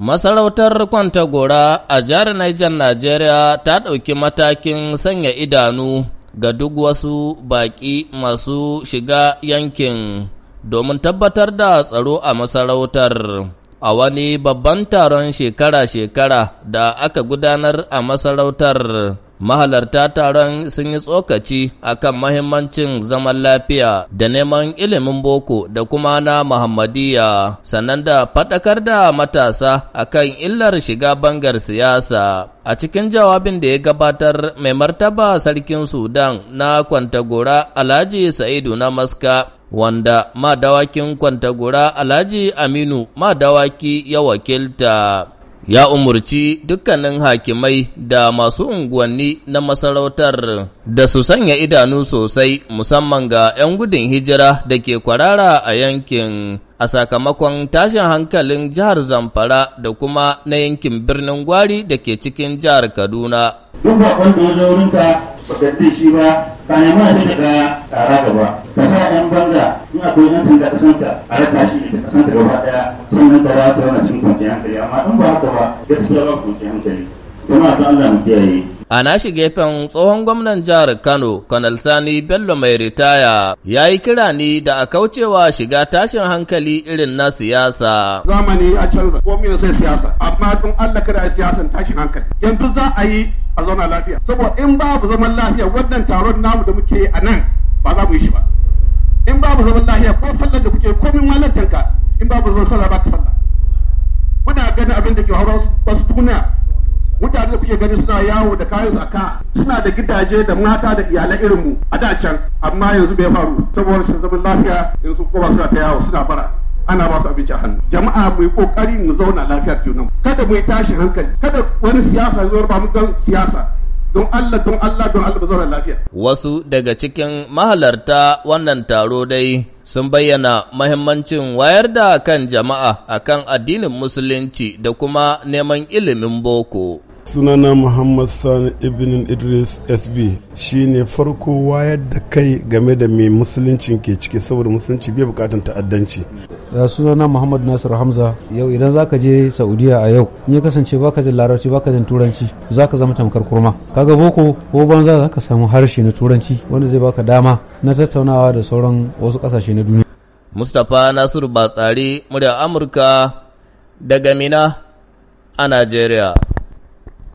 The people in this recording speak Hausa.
Masarautar Kwantagora a jihar Niger Najeriya ta ɗauki matakin sanya idanu ga duk wasu baƙi masu shiga yankin domin tabbatar da tsaro a masarautar. A wani babban taron shekara-shekara da aka gudanar a masarautar Mahalarta taron sun yi tsokaci akan mahimmancin zaman lafiya da neman ilimin boko da kuma na Muhammadiyya, sannan da faɗakar da matasa a kan illar shiga bangar siyasa. A cikin jawabin da ya gabatar mai martaba sarkin Sudan na Kwantagora Alhaji Sa'idu na Maska wanda madawakin Kwantagora Alhaji Aminu madawaki ya wakilta. ya umurci dukkanin hakimai da masu unguwanni na masarautar da su sanya idanu sosai musamman ga 'yan gudun hijira da ke kwarara a yankin a sakamakon tashin hankalin jihar Zamfara da kuma na yankin birnin Gwari da ke cikin jihar Kaduna. Duk wanda ya zo wurinka, ba shi ba, ka tsara ka sa yan banza, in akwai yan sanda kasanta a raka shi da kasanta gaba daya sannan ka rata wani cin kwanciyar hankali amma in ba haka ba gaskiya ba kwanciyar hankali kuma ta Allah mu kiyaye A nashi gefen tsohon gwamnan jihar Kano, Kanal Sani Bello mai ritaya, ya yi kira ni da a kaucewa shiga tashin hankali irin na siyasa. Zamani a canza, komi sai siyasa, amma don Allah kada siyasan tashin hankali. Yanzu za a yi a zauna lafiya, saboda in babu zaman lafiya wannan taron namu da muke a nan ba za mu yi shi ba. babu zaman lahiya ko sallar da kuke komin ka in babu zaman sallah ba ka sallah kuna ganin abin da ke hauwa wasu duniya mutane da kuke gani suna yawo da kayan zaka suna da gidaje da mata da iyalai irin mu a da can amma yanzu bai faru saboda rashin zaman lafiya in sun koma suna ta yawo suna bara ana ba su abinci a hannu jama'a mu yi kokari mu zauna lafiyar junan kada mu yi tashi hankali kada wani siyasa zuwa ba mu gan siyasa don Allah don Allah don Allah zauna lafiya. Wasu daga cikin mahalarta wannan taro dai sun bayyana mahimmancin wayar da kan jama'a akan addinin musulunci da kuma neman ilimin boko. sunana muhammad sani ibn idris sb shine farko wayar da kai game da mai musulunci ke ciki saboda musulunci bai bukatan ta'addanci sunana muhammad nasir hamza yau idan zaka je saudiya a yau in ya kasance baka jin larabci baka jin turanci zaka zama tamkar kurma kaga boko ko banza za ka samu harshe na turanci wanda zai baka dama na tattaunawa da sauran wasu kasashe na duniya mustapha nasiru batsari murya amurka daga mina a nigeria.